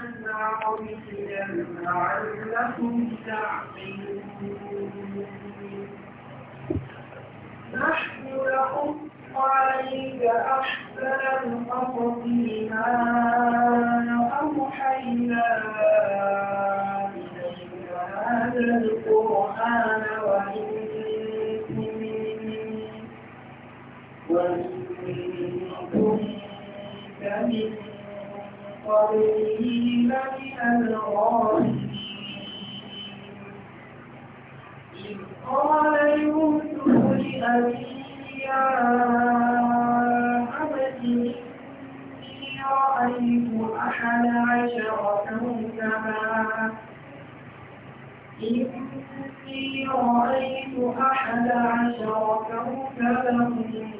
قويا لعلكم تعقلون نحن نقص عليك أحسن القصص بما أوحينا إليك هذا القرآن وإن كنت من إذ قال يوسف لأبيه يا أبت إني رأيت أحد عشر كوكبا إني رأيت أحد عشر كوكبا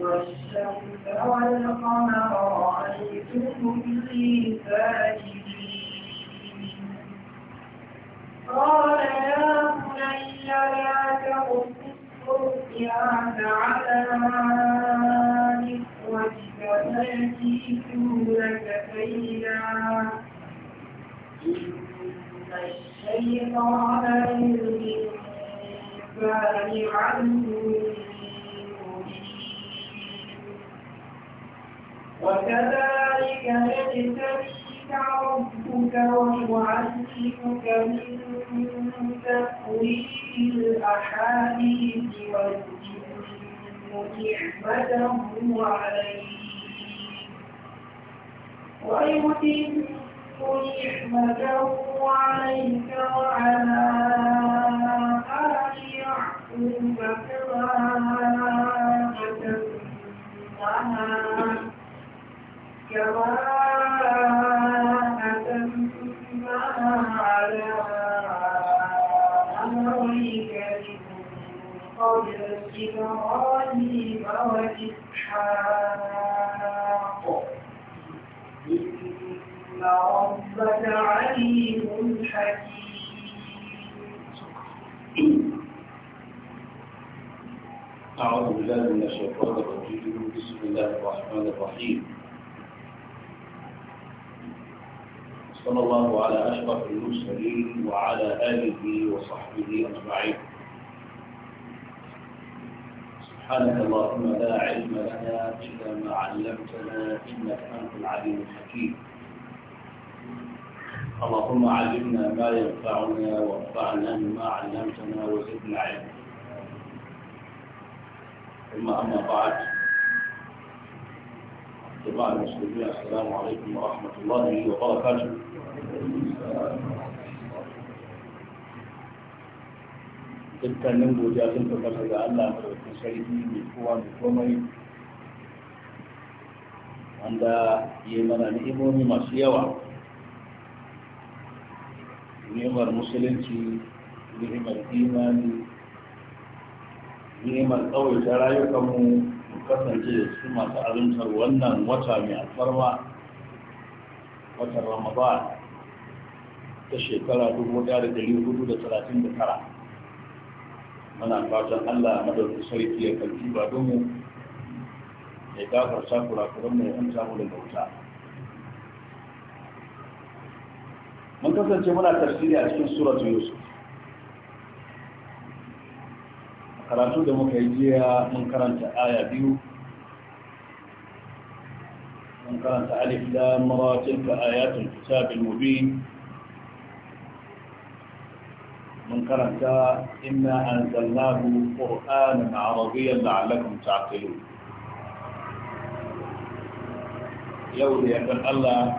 والشمس والقمر رأيتهم لي ساجدين قال يا بني لا تقص رؤياك على إخوتك فيأتينك إن الشيطان للإنسان عدو وكذلك يجتبيك ربك ويعلمك من تأويل الأحاديث ويتم نعمته عليك ويتم نعمته عليك وعلى آل you. كما أتمناها على أمرك من قبل إبراهيم وإسحاق إن ربك عليم حكيم أعوذ بالله من الشيطان الرجيم بسم الله الرحمن الرحيم صلى الله على أشرف المرسلين وعلى آله وصحبه أجمعين سبحانك اللهم لا علم لنا إلا ما علمتنا إنك أنت العليم الحكيم اللهم علمنا ما ينفعنا وانفعنا بما علمتنا وزدنا علما ثم أما بعد جماعة المسلمين السلام عليكم ورحمة الله وبركاته dukkanin godiya sun tabbata ga Allah da wasu sarki mai kowa mai komai wanda ya yi mana ni'imomi masu yawa ni'imar musulunci ni'imar imani ni'imar kawai ta rayukanmu mu kasance da su masu azumtar wannan wata mai alfarma watan ramadan ta shekara 1439 muna fatan Allah madaukakin sarki ya kalli ba domin ya gafarta kurakuran mai an samu da bauta mun kasance muna tafsiri a cikin suratu yusuf karatu da muka yi jiya mun karanta aya biyu من قرأت ألف لام را تلك آيات الكتاب المبين من قرأت إنا أنزلناه قرآنا عربيا لعلكم تعقلون يو دي أكبر الله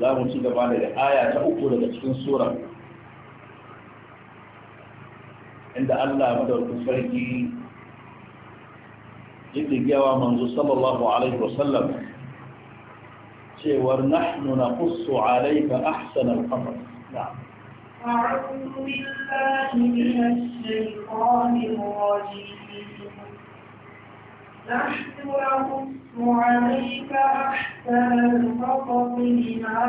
لا مشيك بعد الآية تأكل لتشكين سورة عند الله مدر كفرجي يدي جوا منذ صلى الله عليه وسلم ونحن نقص عليك أحسن القصص أعوذ بالله من الشيطان الرجيم نحن نقص عليك أحسن القصص بما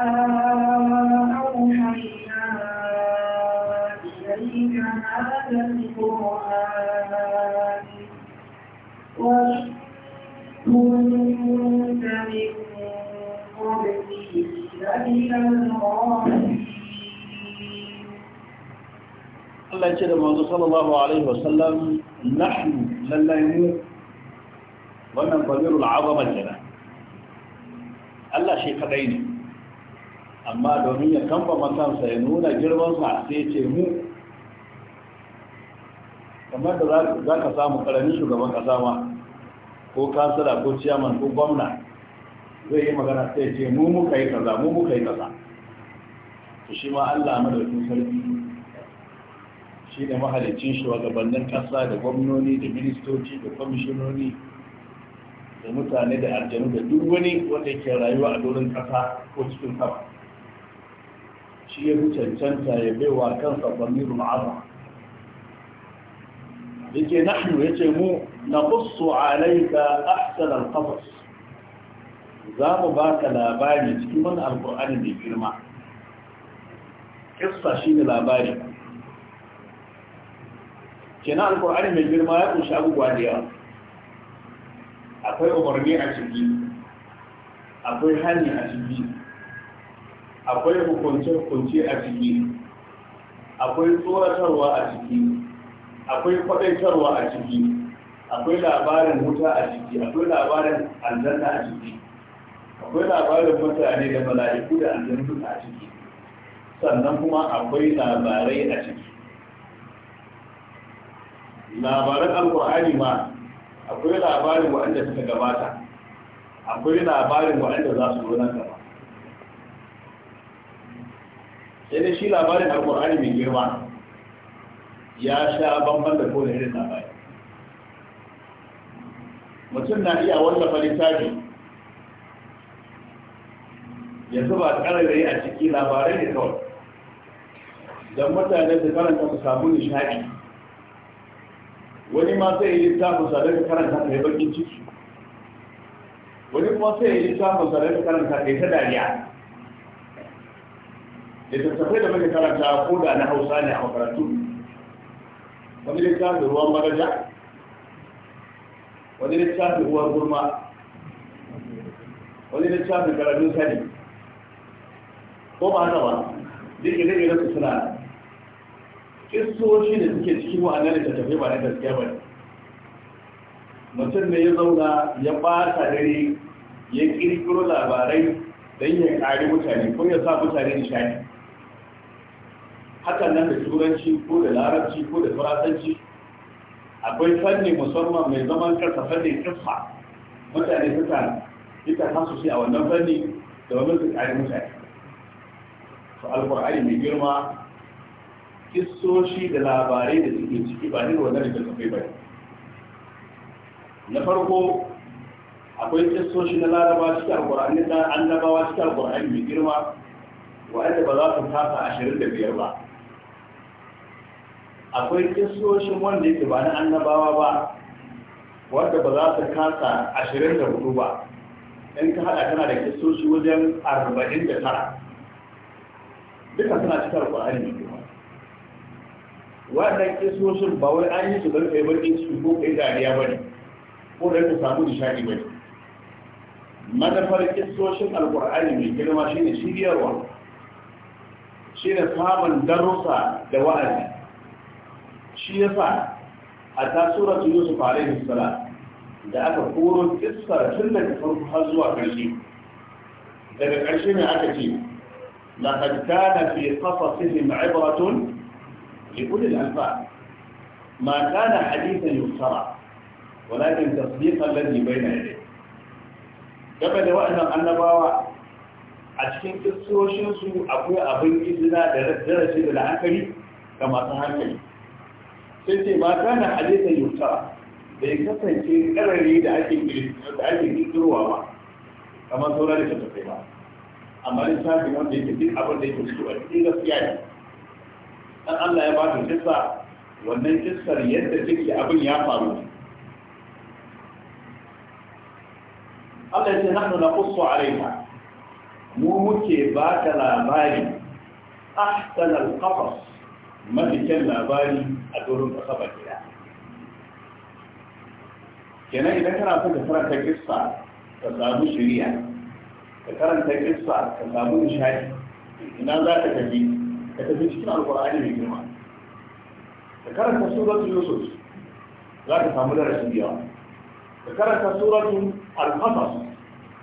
أوحينا إليك هذا القرآن وإن من قبله لمن الغافلين Allah ce da manzo sallallahu alaihi wasallam nahnu lallai mu wannan kwamirul azama jira. Allah shi kadai ne amma domin ya kamba matansa ya nuna girmansa sai ce mu kamar da za ka samu karamin shugaban kasa ma ko kansala ko ciyaman ko gwamna zai yi magana sai ce mu muka yi kaza mu muka yi kaza to shi ma Allah madaukin sarki shi ne mahalicin shugabannin kasa da gwamnoni da ministoci da kwamishinoni da mutane da aljanu da duk wani wanda ke rayuwa a doron kasa ko cikin sama shi ya fi cancanta ya baiwa kansa bamiru ma'aza yake nahnu yace mu na qussu alayka ahsan al za mu baka labari cikin wani alkur'ani mai girma kissa shine labari kenan alkur'ani mai girma ya kunshi abubuwa da yawa akwai umarni a ciki akwai hali a ciki akwai hukunce-hukunce a ciki akwai tsoratarwa a ciki akwai kwadaitarwa a ciki akwai labarin wuta a ciki akwai labarin aljanna a ciki akwai labarin mutane da mala'iku da aljannu a ciki sannan kuma akwai labarai a ciki labaran alkur'ani ma akwai labarin wa'anda suka gabata akwai labarin wa'anda za su zo nan gaba sai dai shi labarin alkur'ani mai girma ya sha bamban da kone irin labari mutum na iya wallafa littafi ya zuba ƙararrai a ciki labarai ne kawai don mutane su karanta su samu nishaɗi wani ma sai yi littafin sa da karanta ta yi bakin ciki wani kuma sai yi littafin sa da karanta ta yi ta dariya da tattafai da muka karanta ko da na hausa ne a makarantu wani littafin ruwan magaja wani littafin ruwan gurma wani littafin karatun sani ko ba haka ba duk da su suna kistoci da suke cikin wa'annan da tafi ba na ba mutum ne ya zauna ya ɓata dare ya ƙirƙiro labarai don ya kari mutane ko ya sa mutane nishani hakan nan da turanci ko da larabci ko da faransanci akwai fanni musamman mai zaman kansa fannin kissa mutane suka ita hasu shi a wannan fanni da wani su kari mutane su alƙur'ani mai girma kissoshi da labarai da suke ciki ba ne wannan da kafai ba na farko akwai kissoshi na laraba cikin alkur'ani da annabawa cikin alkur'ani mai girma wa'anda ba za su tafa ashirin da biyar ba akwai kissoshin wanda yake ba na annabawa ba wanda ba za su kasa ashirin da hudu ba in ka haɗa kana da kistoshi wajen arba'in da tara duka suna cikin alkur'ani mai girma wannan kisoshin ba wai an yi su don kai bakin su ko kai dariya ba ne ko don ka samu nishaɗi ba ne manufar kisoshin alkur'ani mai girma shine shiryarwa shine samun darussa da wa'azi shi ya sa a tasura su yusuf alaihi salam da aka koro kissar tun daga farko har zuwa ƙarshe daga ƙarshe ne aka ce لقد كان في قصصهم عبرة لكل الألفاظ ما كان حديثا يفترى ولكن تصديق الذي بين يديه game da waɗannan annabawa a cikin kistoshinsu akwai abin izina da darasi da la'akari ga masu hankali sai ce ma kana halittar yuta da kasance karare da ake kirkirwa ba kamar saura da ta tafai ba amma littafin wanda yake duk abin da yake fito a cikin gaskiya ne dan Allah ya ba ta kissa wannan kissar yadda take abin ya faru Allah ya ce nahnu naqussu alayka mu muke ba ta labari ahsan al-qasas kan labari a doron kasa ba gida kenan idan kana so ka karanta kissa ka samu shiriya ka karanta kissa ka samu nishadi ina za ka tafi ka tafi cikin alkur'ani mai girma ka karanta suratun yusuf za ka samu darasin yawa ka karanta suratun al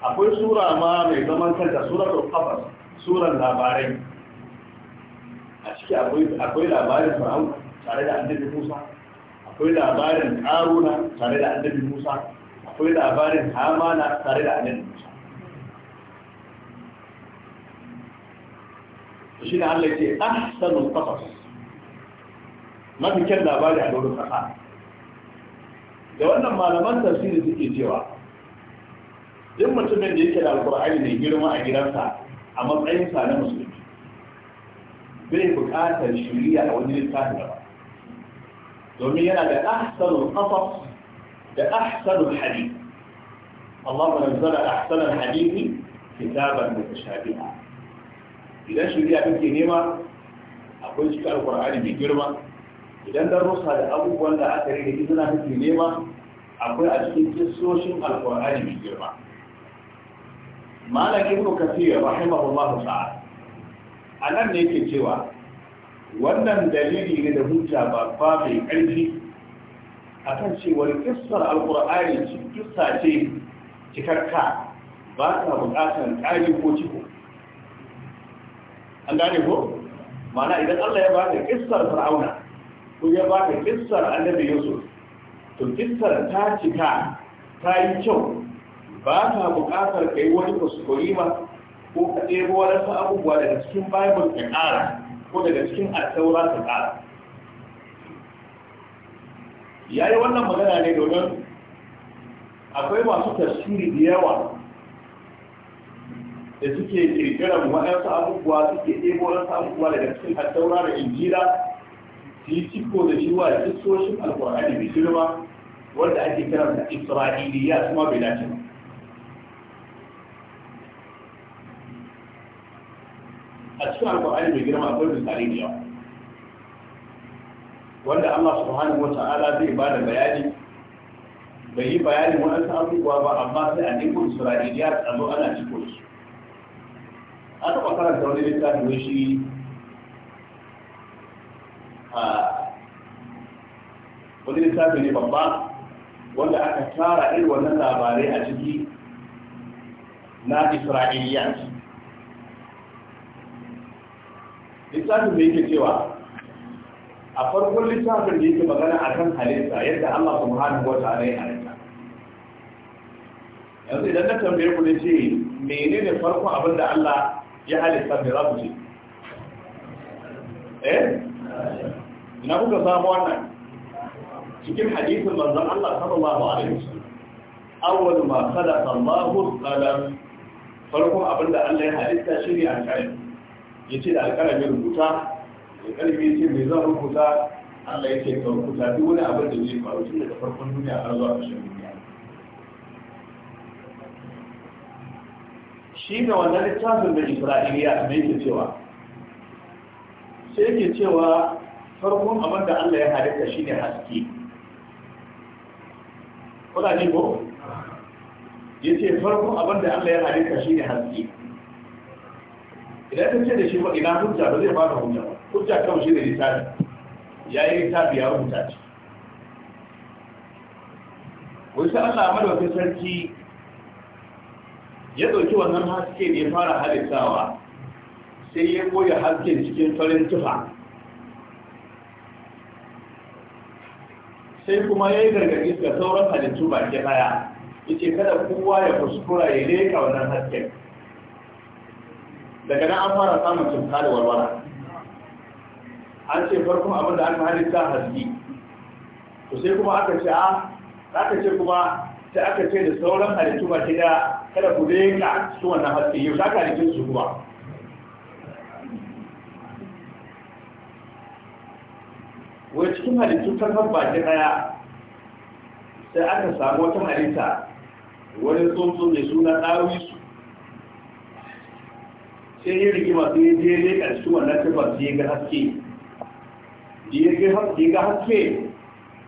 akwai sura ma mai zaman kanta suratul qasas suran labarai a ciki akwai labarin fir'aun tare da annabi musa akwai labarin karuna tare da annabi musa akwai labarin hamana tare da annabi musa شيء على شيء أحسن القصص ما في كل دابالي على أن ما لم تصير تجي جوا لما تمن ديك على القرآن اللي يقولوا ما أجرنا أما أي إنسان مسلم بين بكاتة الشريعة ودين الكافر دومي أنا بأحسن القصص بأحسن الحديث الله نزل أحسن الحديث كتابا متشابها idan shirya kake nema akwai cikin alkur'ani mai girma idan rusa da abubuwan da aka rage suna kake nema akwai a cikin kissoshin alkur'ani mai girma malam ibnu kathir rahimahullah ta'ala anan ne yake cewa wannan dalili ne da hujja babba mai karfi akan cewar kissar alkur'ani kissa ce cikakka ba ta buƙatar ƙari ko ciko an gane ko mana idan Allah ya baka kissar fir'auna ko ya baka kissar annabi yusuf to kissar ta cika ta yi kyau ba ta buƙatar kai wani kuskure ba ko ka ɗebo wadansu abubuwa daga cikin bible ka ƙara ko daga cikin alƙawura ka ƙara ya yi wannan magana ne domin akwai masu tasiri da yawa da suke kirkiran waɗansu abubuwa suke ɗebo waɗansu abubuwa daga cikin addaura da injira su yi ciko da shi wa kistoshin alkur'ani mai girma wanda ake kiran da isra'iliya kuma bai dace ba a cikin alkur'ani mai girma akwai misali da yawa wanda Allah subhanahu wa ta'ala zai ba da bayani bai yi bayanin waɗansu abubuwa ba amma sai a nemo isra'iliya a zo ana ciko da su a taɓa karanta wani littafi wai shi a wani littafi ne babba wanda aka tara irin wannan labarai a ciki na isra'iliyat littafin da yake cewa a farkon littafin da yake magana a kan halitta yadda allah subhanahu wa ta'ala ya halitta yanzu idan na tambaye ku da ce menene farkon abin da allah ya halitta mai za ku ce eh ina kuka samu wannan cikin hadisin manzon Allah sallallahu alaihi wasallam awwal ma khalaqa Allahu qalam farko abinda Allah ya halitta shi ne alƙalami yace da alƙalami rubuta alƙalami yace me zan rubuta Allah yake ka rubuta duk wani abin da zai faru tun daga farkon duniya har zuwa ƙarshen duniya shi ne wannan littafin da isra'iliya mai ke cewa sai ke cewa farkon abin da allah ya halitta shi ne haske kuna ne ko ya ce farkon abin da allah ya halitta shi ne haske idan ta ce da shi ina hujja ba zai ba da hujja hujja kawai shi ne littafi ya yi littafi ya rubuta ce wasu allah madawacin sarki ya ɗauki wannan haske da ya fara halittawa sai ya koya hasken cikin farin tufa sai kuma ya yi gargaɗi ga sauran halittu baki ɗaya ya ce kada kowa ya kuskura ya leka wannan hasken daga nan an fara samun cinta da warwara an ce farkon abin da aka halitta haske to sai kuma aka ce a ah, aka ce kuma sai aka ce da sauran halittu baki ɗaya kada ku reka su wannan haske yau za ka rikin su ruwa wai cikin halittu ta kan da daya sai aka samu wata halitta wani tsuntsun mai suna ɗawi su sai ya rigima sai ya je ne su wannan tabbas ya ga haske da ya ga haske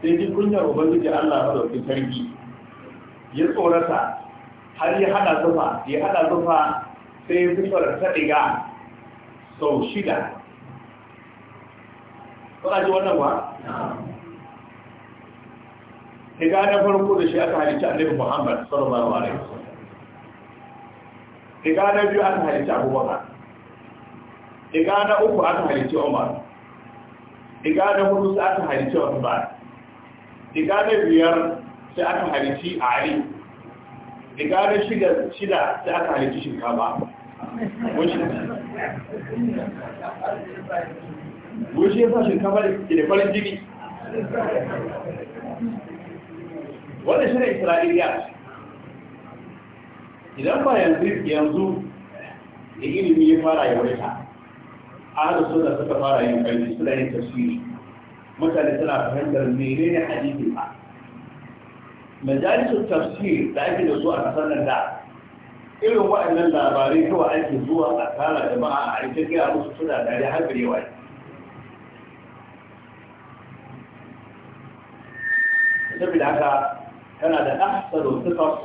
sai ji kunyar ubangiji allah madaukin sarki ya tsorata har yi hada zufa yi hada zufa sai zufar ta diga sau shida kuna ji wannan ba diga na farko da shi aka halitta annabi muhammad sallallahu alaihi wasallam diga na biyu aka halitta abubakar diga na uku aka halitta umar diga na hudu sai aka halitta usman diga na biyar sai aka halitta ali daga shigar shida da aka halittu shinkafa wushe ya sa shinkafa da ke da farin jini wanda shi ne isra'iliya idan ba yanzu yanzu da ilimi ya fara yawaita a hada suna suka fara yin ƙarfi suna yin tafsiri mutane suna fahimtar a jikin ba majalisun tafsir da ake da su a kasar nan da irin wa'annan labarai kawai ake zuwa a tara jama'a a ita gaya musu suna dare har birewa saboda haka tana da ahsanu sifar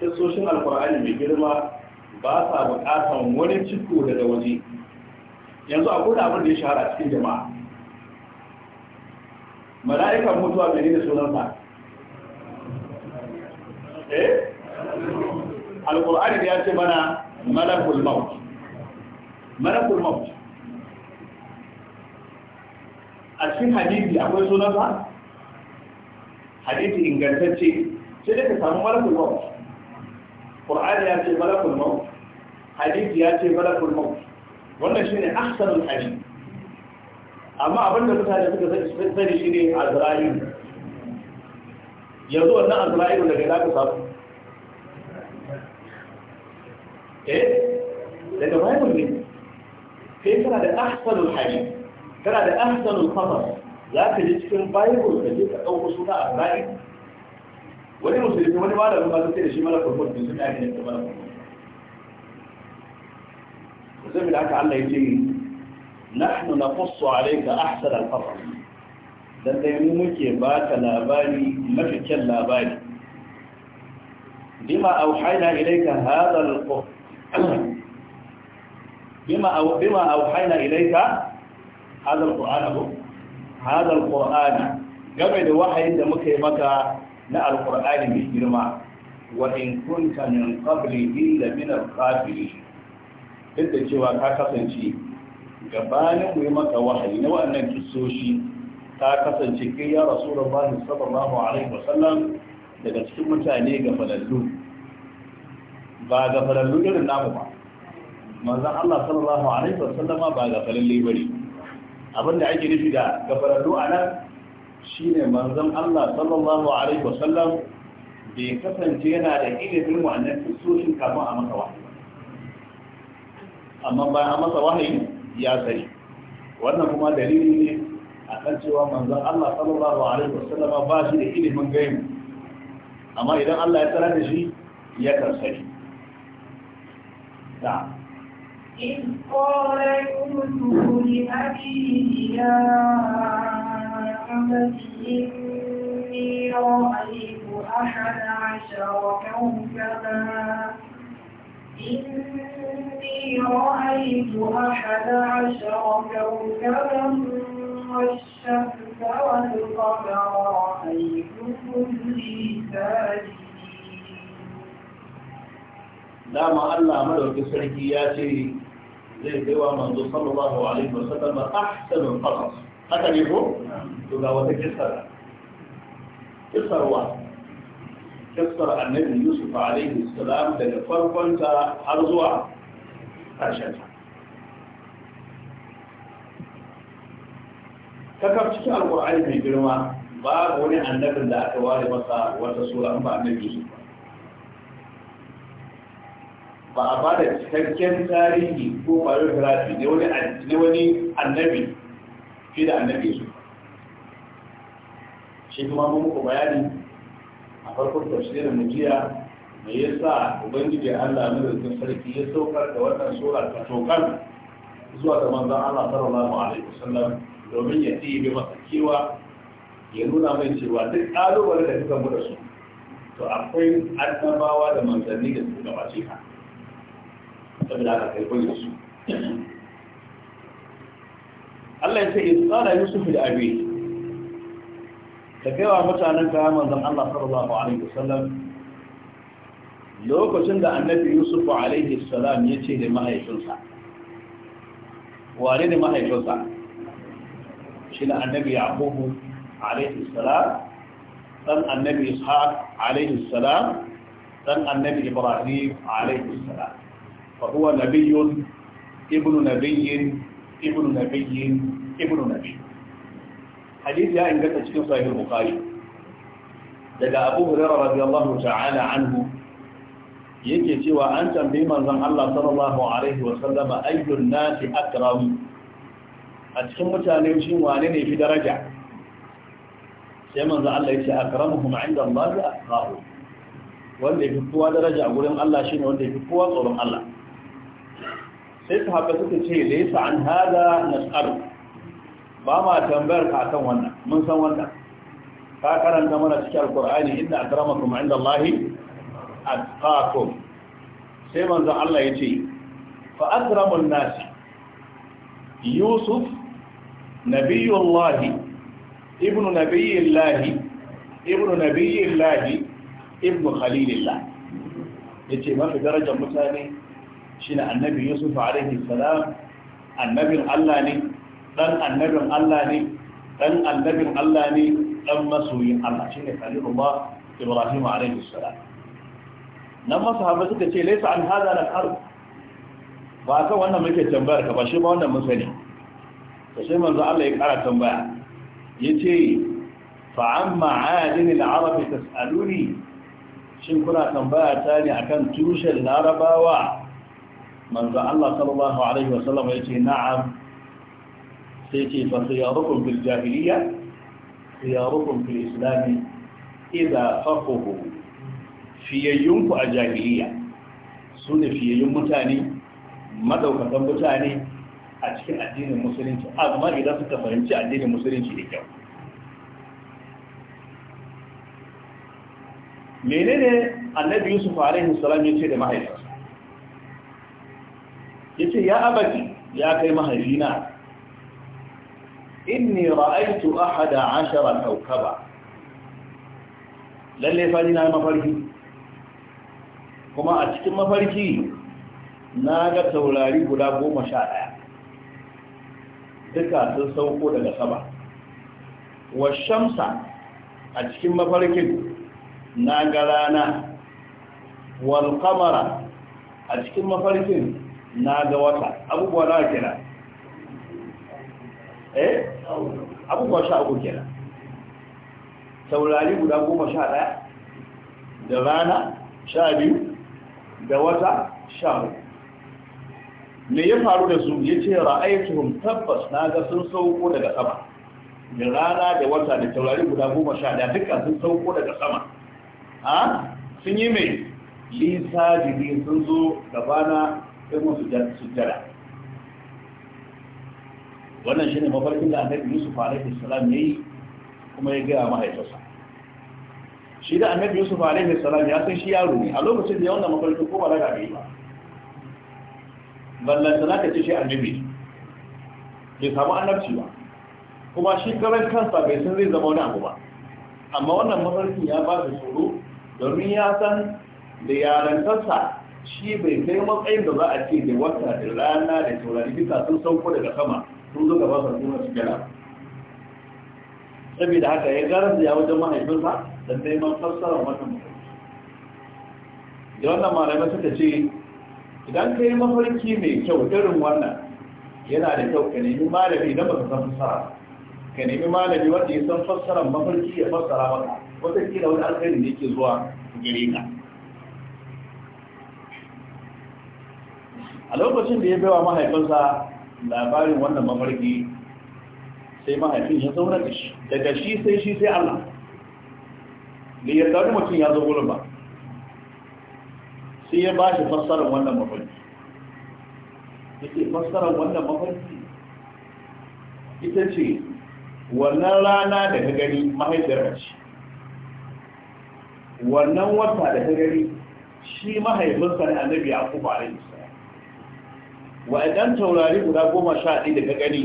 kisoshin alkur'ani mai girma ba sa buƙatan wani ciko daga waje yanzu a kuna abin da ya shahara cikin jama'a mala'ikan mutuwa mai ne da sunansa eh alqur'ani ya ce mana malakul maut malakul maut a cikin hadisi akwai sunan sa hadisi ingantacce sai dai ka samu malakul maut qur'ani ya ce malakul maut hadisi ya ce malakul maut wannan shine ahsanul hadith amma abinda mutane suka sani shine azrail yanzu wannan azra'ilu daga ina ka samu eh daga bible ne sai tana da ahsanul hadith tana da ahsanul qasas za ka je cikin bible ka je ka dauko suna azra'il wani musulmi wani malamin ba sai da shi malakul mulk din sun yi ne malakul mulk saboda haka Allah ya ce nahnu naqussu alayka ahsanal qasas lallai mu muke ba ka labari mafi kyan labari bima haina ilaika hadha alquran bima au bima auhaina ilaika hadha alquran abu hadha alquran game da wahayin da muka yi maka na alqur'ani mai girma wa in kunta min qabli illa min alqafirin duk da cewa ka kasance gabanin mu yi maka wahayi na wannan kisoshi ta kasance kai ya rasulullahi sallallahu alaihi wasallam daga cikin mutane ga falallu ba ga falallu irin namu ba manzan Allah sallallahu alaihi wasallam ba ga bari. bane abinda ake nufi da ga falallu anan shine manzan Allah sallallahu alaihi wasallam bai kasance yana da ilimin wannan kisoshin kafin a masa wahayi amma bayan a masa wahayi ya sani wannan kuma dalili ne akan cewa manzon Allah sallallahu alaihi wasallam ba shi da ilimin gaimu amma idan Allah ya tsara da shi ya karsari da إذ قال يوسف لأبيه يا أبت إني رأيت أحد عشر كوكبا إني رأيت أحد عشر كوكبا والشمس والقمر رأيتكم لي dama Allah madauki sarki ya ce zai kai wa manzo sallallahu alaihi wasallam ahsanul qasas haka ne ko to ga wata kissa kissar wa kissar annabi Yusuf alaihi salam daga farkonta har zuwa ƙarshen kakaf cikin alkur'ani mai girma ba wani annabin da aka ware masa wata sura ba annabi Yusuf ba a ba da cikakken tarihi ko biography ne wani annabi fi da annabi Yusuf shi kuma mun muku bayani a farkon tafsirin mujiya me yasa ubangiji Allah madaukakin sarki ya saukar da wannan sura ta tokan zuwa ga manzon Allah sallallahu alaihi wasallam domin ya ɗebe masa kewa ya nuna mai cewa duk ƙalubale da suka mu da su to akwai annabawa da manzanni da suka gabace ka saboda aka kai da su Allah ya ce in tsara Yusuf da abi ka wa mutanen ka manzon Allah sallallahu alaihi wasallam lokacin da annabi Yusuf alaihi salam ya ce da mahaifinsa wane ne mahaifinsa شنا النبي يعقوب عليه السلام تن النبي إسحاق عليه السلام تن النبي إبراهيم عليه السلام فهو نبي ابن نبي ابن نبي ابن نبي حديث يا إن قتلت في صحيح البخاري لدى أبو هريرة رضي الله تعالى عنه يجي سوى أنت بمن الله صلى الله عليه وسلم أي الناس أكرم a cikin mutane shi wane ne fi daraja sai manzo Allah ya ce akramuhum inda Allah ya aqahu wanda fi kowa daraja a gurin Allah shine wanda fi kowa tsoron Allah sai sahaba suka ce laysa an hada nas'alu ba ma tambayar ka akan wannan mun san wannan ka karanta mana cikin alqur'ani inna akramakum inda Allah atqakum sai manzo Allah ya ce fa akramul nasi yusuf nabiyullahi ibnu nabiyillahi ibnu nabiyillahi ibnu khalilillah yace mafi darajar mutane shine annabi yusuf alaihi salam annabin Allah ne dan annabin Allah ne dan annabin Allah ne dan masoyin Allah shine khalilullah ibrahim alaihi salam nan masahaba suka ce laysa an hada al-ard ba ka wannan muke tambayar ka ba shi ba wannan mun sani فشيء منذ الله يقرأ تنبيع يتي فعما عادن العرب تسألوني شيء كنا تنبيع تاني أكن توش العرب واع منذ الله صلى الله عليه وسلم يتي نعم سيتي فخياركم في الجاهلية خياركم في الإسلام إذا فقه في يوم الجاهلية سنة في يوم تاني مدوك تنبيع تاني a cikin addinin musulunci amma idan suka fahimci addinin musulunci da kyau menene annabi yusuf alaihi salam ya ce da mahaifinsa ya ce ya abaki ya kai mahaifina inni ra'aitu ahada ashara kaukaba lalle fani na mafarki kuma a cikin mafarki na ga taurari guda goma sha ɗaya duka sun sauko daga sama wa shamsa a cikin mafarkin na ga rana wal kamara a cikin mafarkin na ga wata abubuwa na kira eh abubuwa sha uku kira saurari guda goma sha daya da rana sha biyu da wata sha uku me ya faru da su ya ce ra'ayatuhum tabbas na ga sun sauko daga sama da rana da wata da taurari guda goma sha daya duka sun sauko daga sama a sun yi mai lisa jini sun zo gabana sai mun sujjada wannan shine mafarkin da annabi yusuf alaihi salam yayi kuma ya gaya mahaifinsa shi da annabi yusuf alaihi salam ya san shi yaro ne a lokacin da ya wannan mafarkin ko ba da ba ballanta za ka ce shi annabi ke samu annabci ba kuma shi gaban kansa bai san zai zama wani abu ba amma wannan mafarkin ya ba su tsoro domin ya san da yarantarsa shi bai kai matsayin da za a ce da wata da rana da taurari bisa sun sauko daga sama sun zo gaba sun suna su gara saboda haka ya garar da ya wajen mahaifinsa don neman fassarar wannan da wannan malamai suka ce idan ka yi mafarki mai kyau irin wannan yana da kyau ka nemi malami idan baka san fassara ka nemi malami wanda ya san fassarar mafarki ya fassara maka wata kila wani alkhairi da yake zuwa gare ka a lokacin da ya bai wa mahaifinsa labarin wannan mafarki sai mahaifin ya zauna da shi daga shi sai shi sai Allah da ya tsari mutum ya zo wurin ba sai ya ba shi fassarar wannan mafarki yake fassarar wannan mafarki ita ce wannan rana da ka gani mahaifiyar ce wannan wata da ka gani shi mahaifinsa ne annabi a kuma a rinsa wa'adan taurari guda goma sha ɗaya da ka gani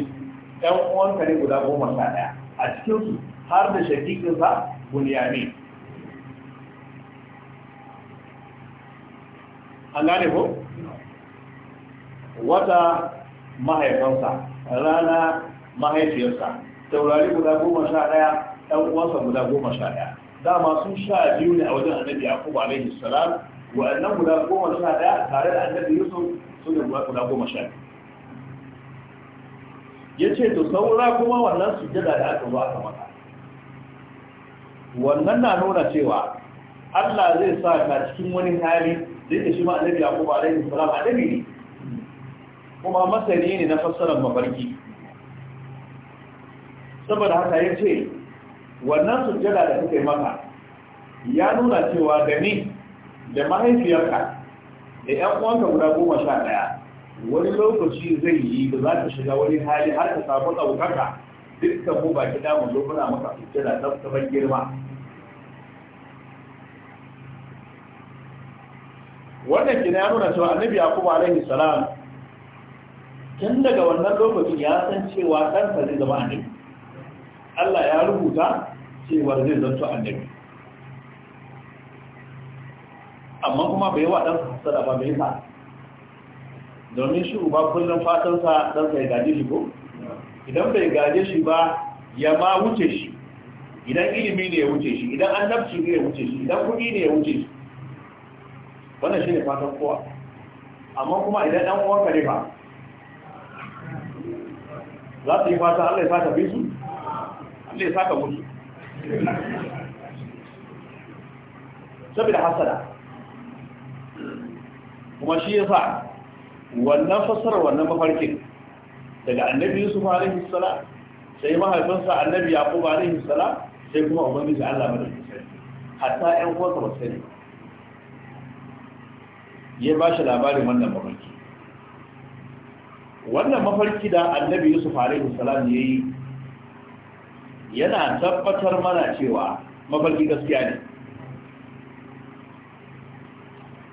ɗan uwanka ne guda goma sha ɗaya a cikinsu har da shafiƙinsa bunyamin an gane ko wata mahaifansa rana mahaifiyarsa taurari guda goma sha ɗaya ɗan uwansa guda goma sha ɗaya dama sun sha biyu ne a wajen annabi yakubu alaihi salam annan guda goma sha ɗaya tare da annabi yusuf su ne guda goma sha biyu ya ce to saura kuma wannan sujjada da aka zo aka maka wannan na nuna cewa Allah zai sa ka cikin wani hali duk da shi ma annabi yaqub alaihi salam annabi ne kuma masani ne na fassarar mafarki saboda haka yace ce wannan sujjada da kuka yi maka ya nuna cewa da ni da mahaifiyarka da ‘yan uwanka guda goma sha ɗaya wani lokaci zai yi da za ka shiga wani hali har ka samu ɗaukaka dukkan mu baki damun lokuna maka sujjada ta girma wannan gina ya nuna cewa annabi kuma alaihi salam tun daga wannan lokacin ya san cewa ɗansa zai zama annabi Allah ya rubuta cewa zai zanto annabi amma kuma bai wa ɗansa hasada ba bai sa domin shi uba kullum fatansa ɗansa ya gaje shi ko idan bai gaje shi ba ya ma wuce shi idan ilimi ne ya wuce shi idan annabci ne ya wuce shi idan kuɗi ne ya wuce shi wannan shi ne fatan kowa amma kuma idan ɗan uwan kare ba za su yi fata allah ya fi su allai sa ka musu saboda hasada kuma shi ya sa wannan fassara wannan mafarkin daga annabi yusuf alaihi sala sai mahaifinsa annabi yaqub alaihi sala sai kuma ubangiji Allah madaukakin sarki hatta ƴan uwansa ba sani ya ba shi labarin wannan mafarki wannan mafarki da annabi yusuf alaihi salam ya yi yana tabbatar mana cewa mafarki gaskiya ne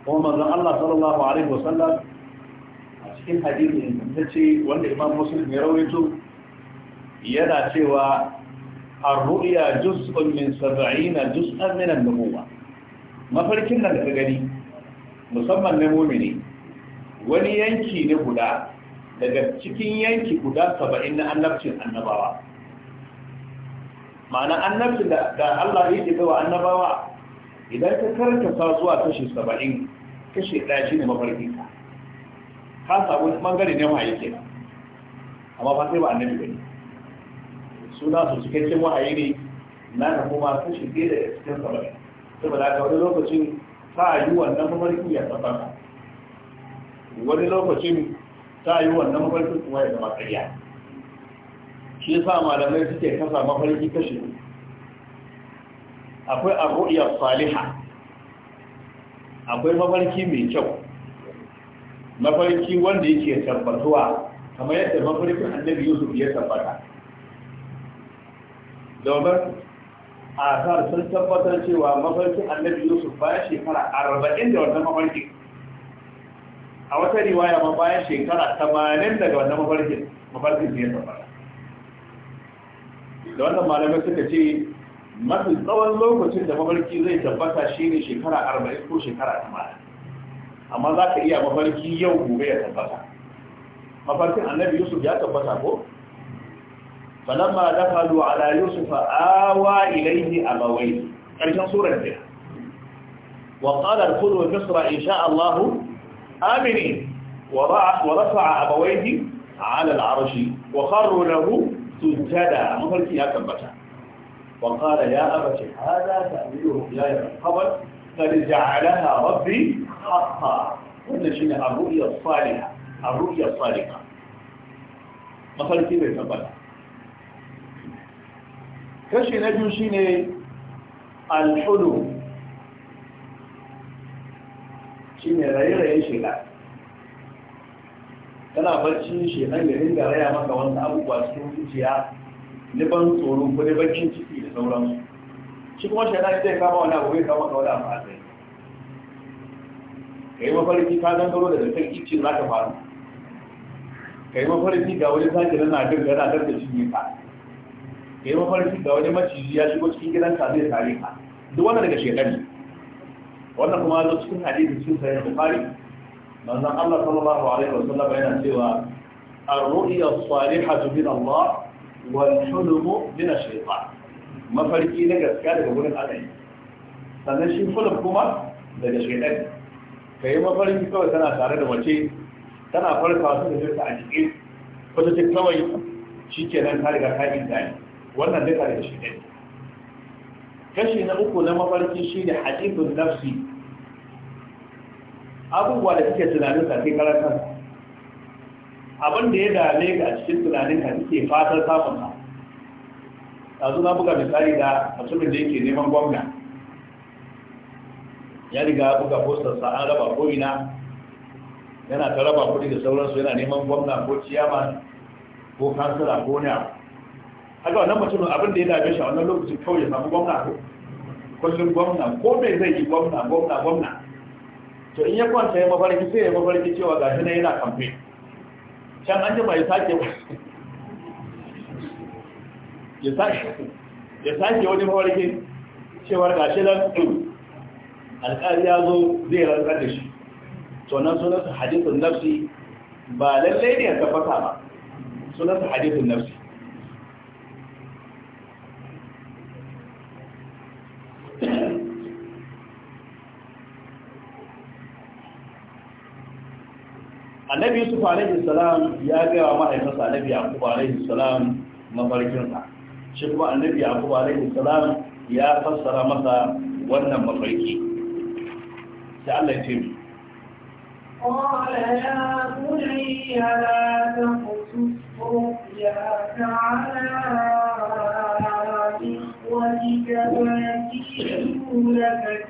kuma manzon Allah sallallahu alaihi wasallam a cikin hadisi ne ce wanda imam muslim ya rawaito yana cewa ar-ru'ya juz'un min 70 juz'an min an-nubuwa mafarkin nan da gani musamman na mumini wani yanki ne guda daga cikin yanki guda saba'in na annabcin annabawa ma'ana annabcin da Allah ya ke wa annabawa idan ka sa zuwa kashi saba'in kashi ɗaya shi ne mafarkinka ka samu ɓangare ne wahayi ke amma ba sai ba annabi ba ne suna su cikakken wahayi ne na ka kuma kashi ɗaya da cikin saba'in saboda haka wani lokacin ta yi wannan mafarki ya tabbata wani lokacin ta yi wannan mafarki kuma ya zama ƙarya shi sa malamai suke kasa mafarki kashi akwai arru'iyar saliha akwai mafarki mai kyau mafarki wanda yake tabbatuwa kamar yadda mafarkin annabi yusuf ya tabbata domin asar sun tabbatar cewa mafarkin annabi yusuf bayan shekara arba'in da wannan mafarkin a wata riwaya ma bayan shekara tamanin daga wannan mafarkin mafarkin ne ya tabbata da wannan malamai suka ce mafi tsawon lokacin da mafarki zai tabbata shi ne shekara arba'in ko shekara tamanin amma za ka iya mafarki yau gobe ya tabbata mafarkin annabi yusuf ya tabbata ko فلما دخلوا على يوسف آوى إليه أبويه كان سورة دي وقال ادخلوا مصر إن شاء الله آمنين ورفع أبويه على العرش وخروا له سجدا مفلك يا كبتا وقال يا أبت هذا تأمير رؤياي من قبل قد جعلها ربي حقا wannan shine الرؤيا الصالحة الرؤيا الصالحة ru'yar كيف mafarki kashi na biyu shine alhudu shine raye-raye shiga tana bacci shi nan da raya maka wanda abubuwa cikin zuciya na ban tsoro ko na bakin ciki da sauransu shi kuma shaidan zai kama wani abu zai kama ka wani abu a zai ka yi mafarki ka dangaro da zartar kicin za ka faru ka yi mafarki ga wani sake na nadin da yana dar da shi ne ka ka yi mafarki ga wani maciji ya shigo cikin gidanka zai tare ka duk wannan daga shekari wannan kuma zo cikin hadisi cikin sahih bukhari manzon Allah sallallahu alaihi wa sallam yana cewa ar-ru'ya as hajji min Allah wal hulmu min ash-shaytan mafarki na gaskiya daga gurin Allah sannan shi hulm kuma daga shaytan yi mafarki kawai tana tare da mace tana farkawa sai da ta a jiki wata ce kawai shikenan ka riga ka inda wannan duka da shi ne kashi na uku na mafarki shi ne hadithun nafsi abubuwa da suke tunanin sa kai karantar abin da ya dame ga cikin tunanin ka suke fatar samun ka yanzu na buga misali da mutumin da yake neman gwamna ya riga buga postar sa an raba ko yana ta raba kuɗi da sauransu yana neman gwamna ko ciyama ko kansila ko ne aga wannan mutumin abin da ya dame shi a wannan lokacin kawai ya samu gwamna ko kullum gwamna ko me zai yi gwamna gwamna gwamna to in ya kwanta ya mafarki sai ya mafarki cewa ga shi na yana kamfe can an jima ya sake ya sake wani mafarki cewa ga shi nan alƙari ya zo zai rantsar da shi to nan sunansa hadisun nafsi ba lallai ne ya tabbata ba sunansa hadisun nafsi annabi yusuf alaihi salam ya ga wa mahaifinsa annabi yaqub alaihi salam mafarkin sa shi kuma annabi yaqub alaihi salam ya fassara masa wannan mafarki sai Allah ya ce mu قال يا بني لا تقصص رؤياك على إخوتك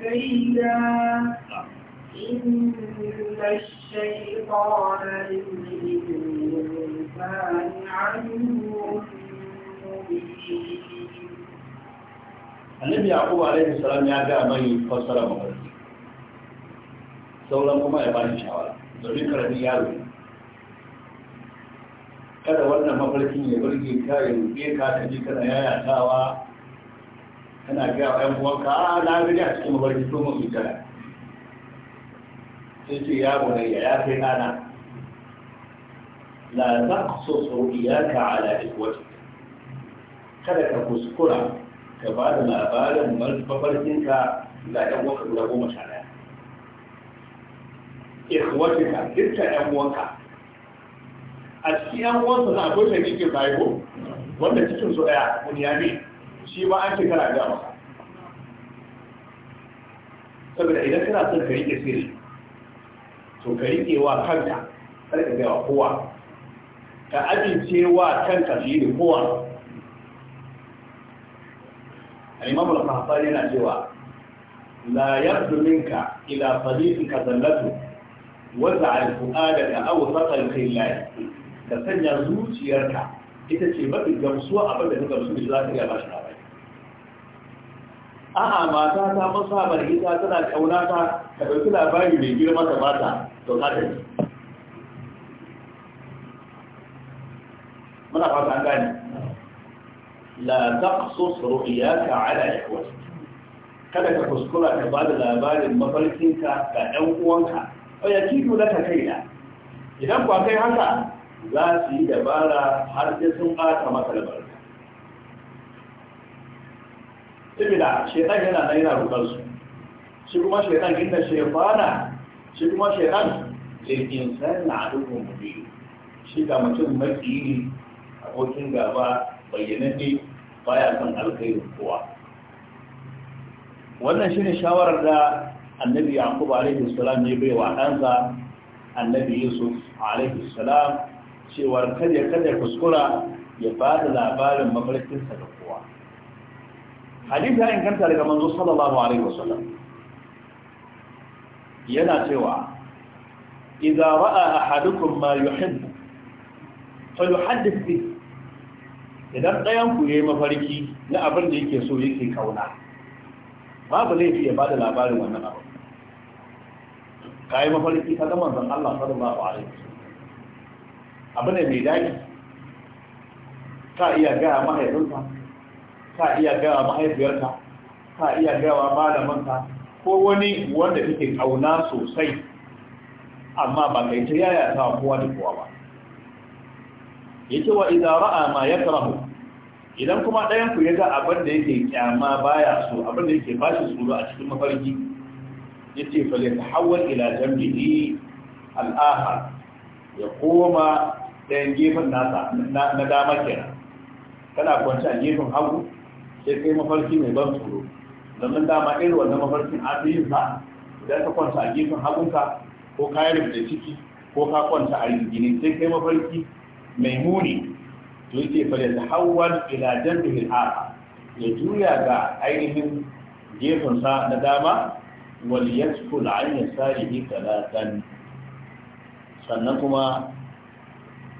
فيكيدون الشيطان للإنسان عدو Annabi Yakubu alaihi salam ya ga mai fassara mafarki. Sauran kuma ya bani shawara, domin karami yaro. Kada wannan mafarkin ya burge ka ya rufe ka ta ji kana yayatawa kana ga ƴan uwanka a na gani a cikin mafarki to mu fitara. sai ce ya bunayya ya kai ɗana la taqsus ru'yaka ala ikwati kada ka kuskura ka ba da labarin mafarkinka ga ɗan uwanka guda goma sha ɗaya ikhwatika dukkan ɗan uwanka a cikin ɗan uwansa na akwai shari'a ke bayo wanda cikin su ɗaya ne, shi ma an shekara ga masa saboda idan kana son ka rike sirri to ka rike wa kanka kar ka gaya kowa ka amince wa kanka fiye da kowa yana cewa la yabdu minka ila sadiqika zallatu wa ja'al fu'adaka awsata kai khillay ka sanya zuciyarka ita ce mafi gamsuwa abin da ka gamsu da za ta iya ba. a'a mata ta masabar ita tana kauna ta ka ɗauki labari mai girma ta bata to ta ne muna fata an gane la taqsus ru'yaka ala ikhwat kada ka kuskura ka bada labarin mafarkinka ga ɗan uwanka ai ya kido da ka kaina idan ba kai haka za su yi dabara har sai sun ɓata masa labarin saboda shaitan yana nan yana rudar su shi kuma shaitan inda shaifana shi kuma shaitan jirgin sai na adubu mubi shi ga mutum yi abokin gaba bayyananne baya son alkhairin kowa wannan shine shawarar da annabi yaqub alaihi salam ya bai wa ɗansa annabi yusuf alaihi salam cewar kada kada kuskura ya bada labarin mafarkinsa da kowa hadisi ya inganta daga manzo sallallahu alaihi wasallam yana cewa idza ra'a ahadukum ma yuhibbu falyuhaddith bi idan ɗayan ku yayi mafarki na abin da yake so yake kauna babu laifi ya bada labarin wannan abu kayi mafarki ka ga manzon Allah sallallahu alaihi wasallam abin da mai dadi ka iya ga mahaifinka ka iya gawa mahaifiyarka ka iya gawa malamanka ko wani wanda kake kauna sosai amma ba kai ta yaya ta kowa da kowa ba yake wa idan ra'a ma yakrahu idan kuma ɗayan ku ya ga abin da yake kyama baya so abin da yake bashi tsoro a cikin mafarki yace fa la tahawwal ila jambihi al-akhar ya koma ɗayan gefen nasa na dama kenan kana kwanci a gefen hagu sai kai mafarki mai ban tsoro domin dama irin wannan mafarkin a fi sa idan ka kwanta a gefen hagunka ko ka yi rubuta ciki ko ka kwanta a rigini sai kai mafarki mai muni to yake fa da hawwal ila da al ya juya ga ainihin gefen sa na dama wal yaskul an yasarihi talatan sannan kuma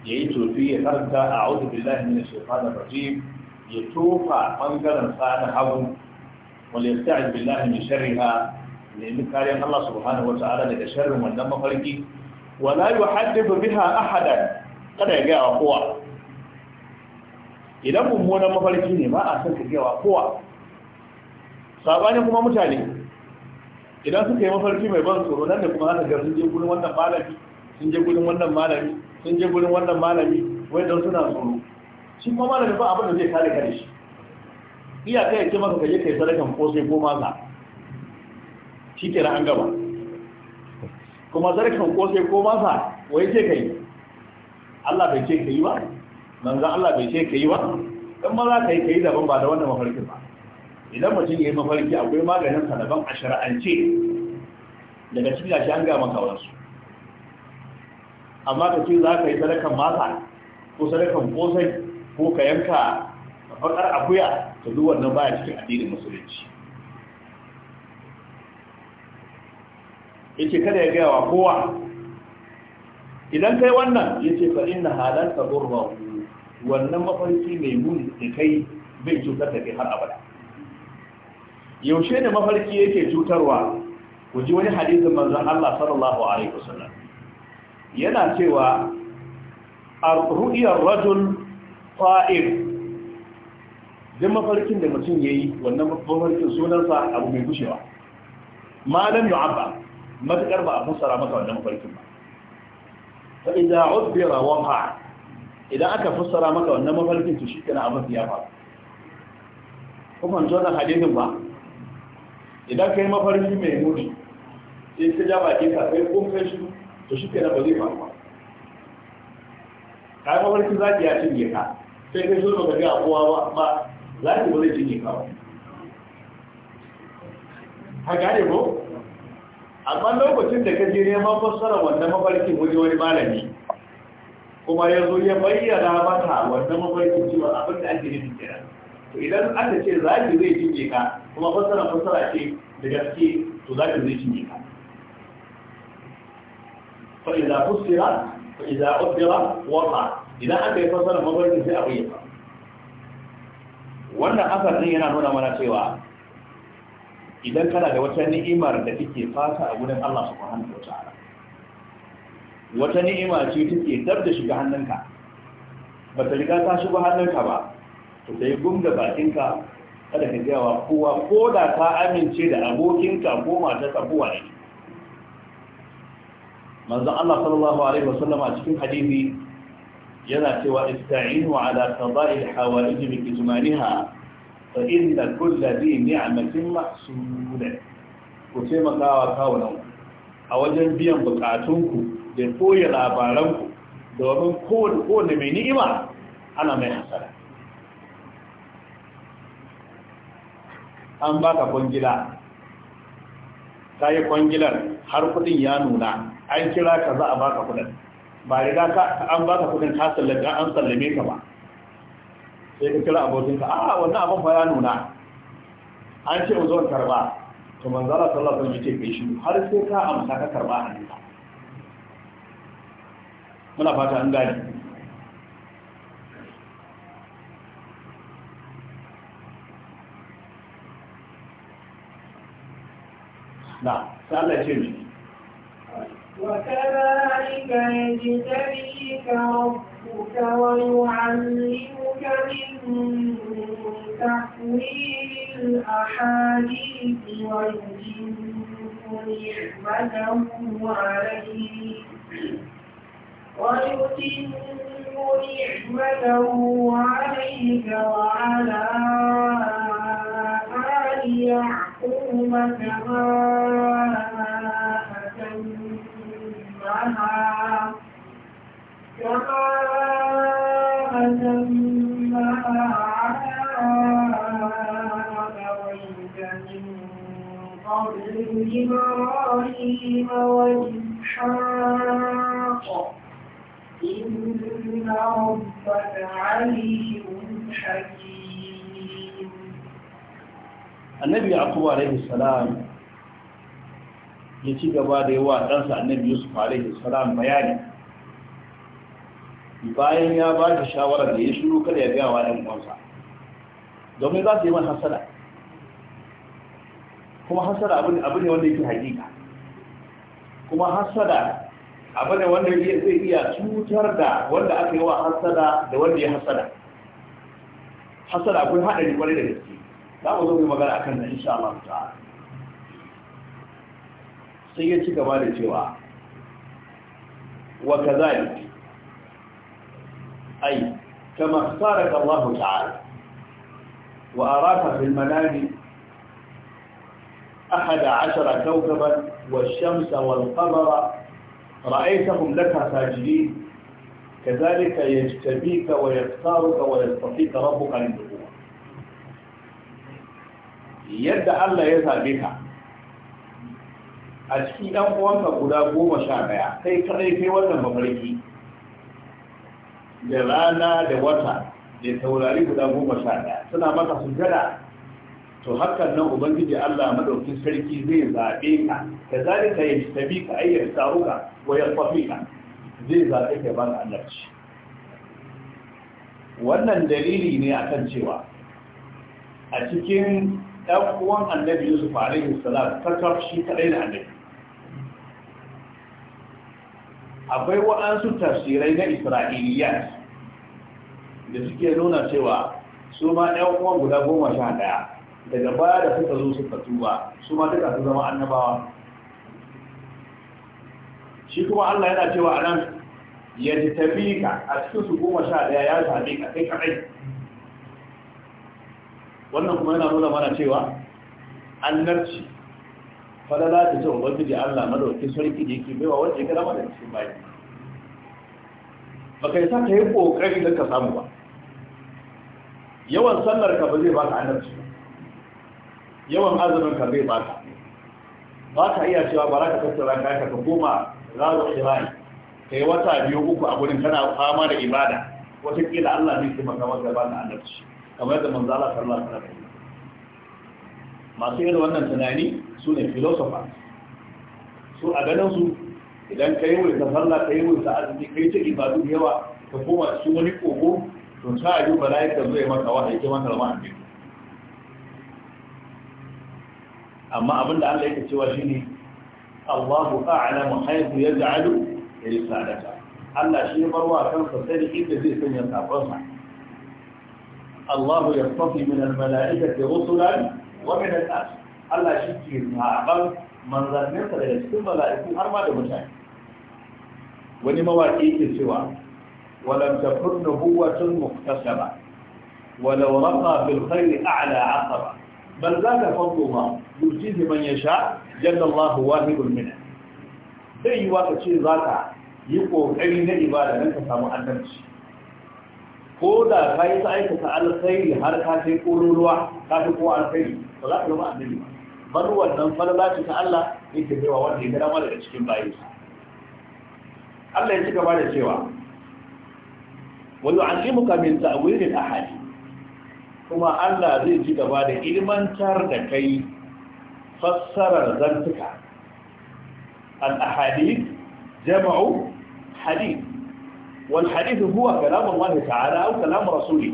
yayi tofi ya karanta a'udhu billahi minash shaitanir rajim ya tofa bangaren sa na hagu wal yasta'id billahi min sharriha nemi kariyar Allah subhanahu ta'ala daga sharrin wannan mafarki wala yuhaddithu biha ahadan kada ya gaya wa kowa idan mummunan mafarki ne ba a san ka gaya wa kowa sabanin kuma mutane idan suka yi mafarki mai ban tsoro nan da kuma hana ga sun je gurin wannan malami sun je gurin wannan malami sun je gurin wannan malami wai don suna tsoro shi kuma mana ba abin da zai kare kare shi iya ya ce maka kaje kai sadakan sai ko ka shi kira an gaba kuma sadakan sai ko ka wai ce kai Allah bai ce kai ba manzo Allah bai ce kai ba dan maza yi kai daban ba da wannan mafarkin ba idan mutum ya yi mafarki akwai maganin sa daban a shar'ance daga cikin shi an ga maka wasu amma ka ce za ka yi sadakan mata ko sadakan kosai ko ka yanka farkar akuya ta duk wannan baya cikin addinin musulunci yake kada ya gaya wa kowa idan kai wannan ce fa inna halarta tadurru wannan mafarki mai muni da kai bai cutar da kai har abada yaushe da mafarki yake cutarwa ku ji wani hadisin manzon Allah sallallahu alaihi wasallam yana cewa ar-ru'ya ar-rajul fa'ir duk mafarkin da mutum ya yi wannan mafarkin sunansa abu mai gushewa malam yi abba matuƙar ba a fassara masa wannan mafarkin ba fa idza ubira waqa idan aka fassara maka wannan mafarkin to shi kana abin ya faru kuma an jona hadisin ba idan kai mafarki mai muni sai ka ja baki ka kai kun kai shi to shi kana ba zai faru ba kai mafarkin zaki ya cinye ka sai ka zo baka ga kowa ba ba za ki ba zai ka ba haka ne ko amma lokacin da ka je neman fassara wanda mafarkin waje wani malami kuma ya zo ya bayyana mata wanda mafarkin cewa abin da ake nufi kenan to idan aka ce za ki zai cinye ka kuma fassara fassara ce da gaske to za ki zai cinye ka fa idza fassara fa idza ubdira waqa idan aka yi fassara mabarin sai a bayyana wannan asar din yana nuna mana cewa idan kana da wata ni'imar da take fasa a gurin Allah subhanahu wa ta'ala wata ni'ima ce take dab da shiga hannunka ba ta riga ta shiga hannunka ba to sai gumda bakinka kada ka gaya wa kowa ko da ka amince da abokinka ko matarka ko wani manzon Allah sallallahu alaihi a cikin hadisi yana cewa ista'inu ala qada'i al-hawaij bi kitmaniha fa inna kulla dhi ni'matin mahsula ku taimakawa kawunan a wajen biyan bukatunku da labaran labaranku domin kowane mai ni'ima ana mai hasara an baka kwangila ta yi kwangilar har kudin ya nuna an kira ka za a baka kudin ba riga ka an baka kudin ka sallame an sallame ka ba sai ka kira abokin ka a ah, wannan abin fa ya nuna an ce zo karba to manzala sallallahu alaihi wasallam yace kai shi har sai ka amsa ka karba a nan muna fata an gani na sai Allah ya ce وكذلك يجتبيك ربك ويعلمك من تحويل الأحاديث ويتم نعمته عليك ويتم نعمته عليك وعلى آل يعقوب كما كما على من قبل إبراهيم إن ربك عليم حكيم النبي يعقوب عليه السلام ya ci gaba da yawa ɗansa annabi yusuf alaihi salam bayani bayan ya ba da shawarar da ya shiru kada ya gaya wa ɗan uwansa domin za su yi man hasada kuma hasada abu ne wanda yake hakika kuma hasada abu ne wanda zai iya cutar da wanda aka yi wa hasada da wanda ya hasada hasada akwai haɗari kwarai da gaske za mu zo mu magana akan nan insha Allah ta'ala sai ya ci gaba da cewa wa kazalik ay kama ikhtaraka Allah ta'ala wa araka fil manami أحد عشر كوكبا والشمس والقمر رأيتهم لك ساجدين كذلك يجتبيك ويختارك ويستطيق ربك للنبوة يد الله بها a cikin ɗan uwanka guda goma sha ɗaya kai kaɗai kai wannan mafarki da rana da wata da taurari guda goma sha ɗaya suna maka sujada to hakan nan ubangiji Allah madaukin sarki zai zaɓe ka ka ka yi tabi ka ayyar saruka wa ya ka zai zaɓe ka ba ka annabci wannan dalili ne akan cewa a cikin ɗan uwan annabi Yusuf alaihi salam ta kafshi kaɗai da annabi akwai wa'ansu tafsirai na isra'iliya da suke nuna cewa su ma ɗan guda goma sha ɗaya daga baya da suka zo suka tuba su ma duka su zama annabawa shi kuma Allah yana cewa a nan ya ji tafi ka a cikin su goma sha ɗaya ya sami ka kai kaɗai wannan kuma yana nuna mana cewa annabci za ta ce ubangiji Allah madauki sarki da yake baiwa wanda ya ga dama da cikin bayi baka sa ka yi kokari da ka samu ba yawan sallar ka ba zai baka annabci yawan azumin ka zai baka ba ka iya cewa ba za ka tattara kaya ka koma zaru irai ka yi wata biyu uku a gurin kana fama da ibada wataƙila Allah zai taimaka maka ba ka annabci kamar yadda manzala Allah sallallahu alaihi wasallam masu irin wannan tunani su ne filosofa su a ganin su idan ka yi wuri ta zalla ka yi wuri ta arziki ka yi ce ibadu da yawa ka koma su wani kogo don sa a yi mala'ika zai maka wa aiki maka rama a amma abinda Allah yake cewa ne Allahu a'lamu ya yi sadaka Allah shi barwa kan sai inda zai sanya sakonsa Allahu yaqtafi min al-mala'ikati rusulan wa min al Allah shi ke zaɓar manzanninsa daga cikin mala'iku har ma da mutane wani mawaƙi ke cewa walam takun nubuwatun muktasaba walau raqa bil khairi a'la asaba bal ma fadluha yutihi man sha, jalla Allah wahibul minna sai yiwa ka ce za ka yi kokari na ibada don ka samu annabci ko da ka yi ta aikata alkhairi har ka kai ƙoruruwa ka fi ko alkhairi ba za ka zama annabci ba bar wannan falala ce ta Allah yake baiwa wanda ya gama daga cikin bayi Allah ya ci gaba da cewa wani wa yu'allimuka min ta'wil al-ahadi kuma Allah zai ci gaba da ilmantar da kai fassarar zantuka al-ahadith jam'u hadith wal hadith huwa Kalamun, Allah ta'ala aw kalam rasulih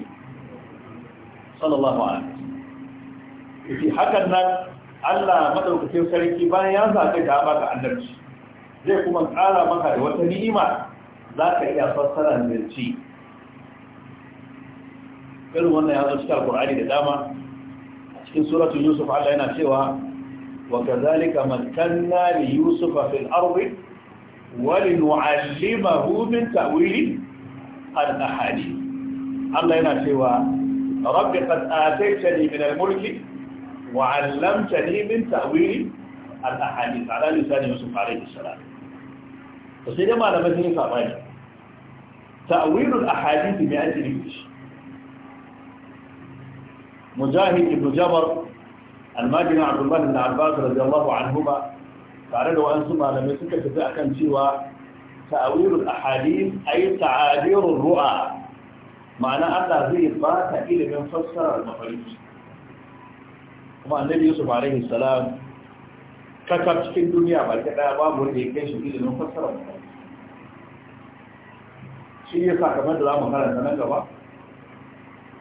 sallallahu alaihi wa wasallam hakan nan Allah maɗaukacin sarki bayan ya zaɓe da ga annabci zai kuma ƙara maka da wata ni'ima za ka iya fassara ci. irin wannan ya zo cikin alkur'ani da dama cikin suratun yusuf Allah yana cewa wa kazalika makanna li yusufa fil ardi wa linu'allimahu min ta'wili al Allah yana cewa rabbi qad ataytani min al mulki وعلمتني من تأويل الأحاديث على لسان يوسف عليه السلام فسيدي ما لم فأغير تأويل الأحاديث بأجل إيش مجاهد بن جبر الماجن عبد الله بن عباس رضي الله عنهما قال له أنتم لم يكن تتأكد سوى تأويل الأحاديث أي تعابير الرؤى معنى أن هذه الباكة إلى من فسر المفاريج kuma annabi yusuf alaihi salam kaka cikin duniya ba ta daya babu wanda ya kai shi ilimin fassara shi ya sa kamar da za mu karanta nan gaba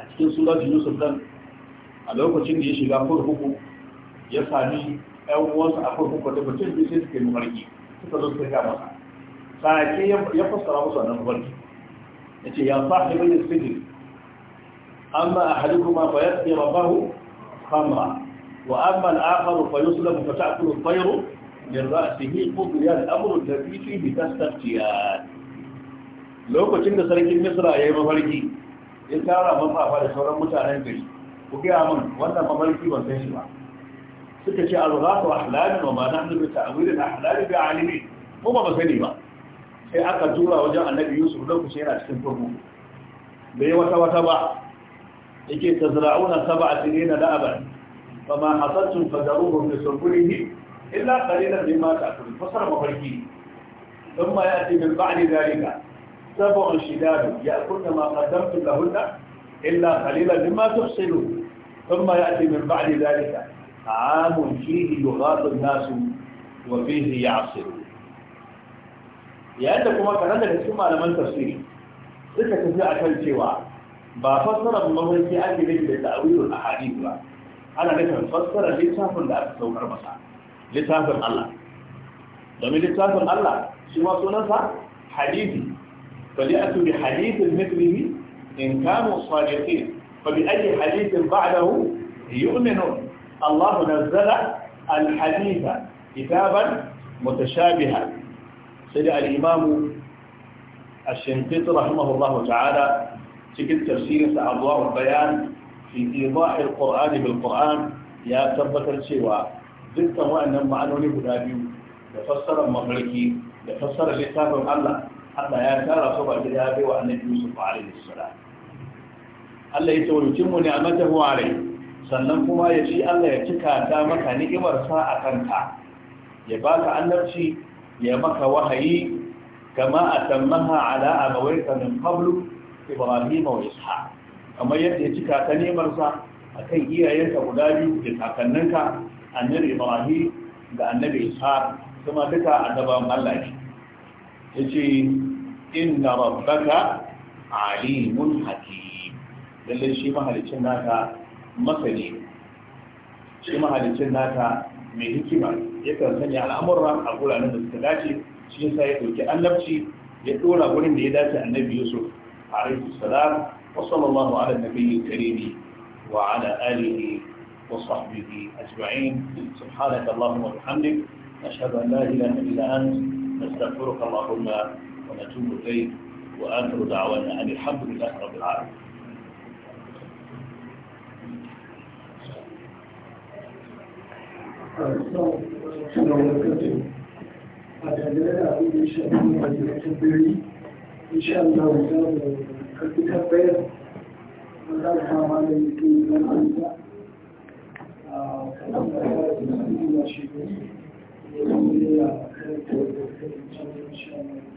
a cikin suratun yusuf dan a lokacin da ya shiga kurkuku ya sami yan uwansa a kurkuku da mutum da sai suke mafarki suka zo suka gama sa sake ya fassara musu wannan mafarki ya ce ya sa haibar da an amma a halittu ma bayan ya rabahu khamra وأما الآخر فيسلم فتأكل الطير من رأسه قضي الأمر الذي فيه تستفتيان lokacin da sarkin misra ya yi mafarki ya tara mafafa da sauran mutanen gari ku gaya min wannan mafarki ban san shi ba suka ce al-ghafu ahlamin wa ma nahnu bi ta'wil al-ahlam bi alimin mu ba sani ba sai aka tura wajen annabi yusuf lokacin yana cikin turbu bai wata wata ba yake tazra'una sab'a فما حصلتم فذروهم لسربله إلا قليلا مما تأكلون فصار مفركين ثم يأتي من بعد ذلك سبع شداد يأكلن ما قدمتم لهن إلا قليلا مما تحصلوا ثم يأتي من بعد ذلك عام فيه يغاث الناس وفيه يعصرون yayin da kuma kanan daga cikin malaman tafsiri suka tafi a kan cewa ba fassarar mafarki ake nufi da ahadith ba ana nufin fassara littafin da aka saukar masa littafin Allah domin littafin Allah shi ma sunansa hadithi فليأتوا بحديث مثله إن كانوا صادقين فبأي حديث بعده يؤمنون الله نزل الحديث كتابا متشابها سجع الإمام الشنقيط رحمه الله تعالى شكل تفسير سأضواء البيان fi ibahi alqur'ani bil qur'an ya tabbatar cewa dukkan wa'annan ma'anoni guda biyu da fassarar mafarki da fassarar littafin Allah Allah ya tara su ba gida bai wa annabi Yusuf alaihi salam Allah ya tawrukin mu ni'amatahu alaihi sannan kuma ya ci Allah ya cika ta maka ni'imar sa a kanka ya baka annabci ya maka wahayi kama atammaha ala a min qablu ibrahima wa kamar yadda ya cika ta nemarsa a kan iyayenka guda biyu da kakanninka annabi ibrahim da annabi isa kuma duka annabawan allah ne ya ce inna rabbaka alimun hakim lallai shi mahalicin naka masani shi mahalicin naka mai hikima yakan sanya al'amurra a guranin da suka dace shi yasa ya ɗauki annabci ya ɗora wurin da ya dace annabi yusuf alaihi salam وصلى الله على النبي الكريم وعلى آله وصحبه أجمعين سبحانك اللهم وبحمدك نشهد أن لا إله إلا أنت نستغفرك اللهم ونتوب إليك وآخر دعوانا أن الحمد لله رب العالمين a dangane da abin da ya shafi majalisar birni insha Allah ka fi tabbayar mazarfawa da yake zan da yi da yi da da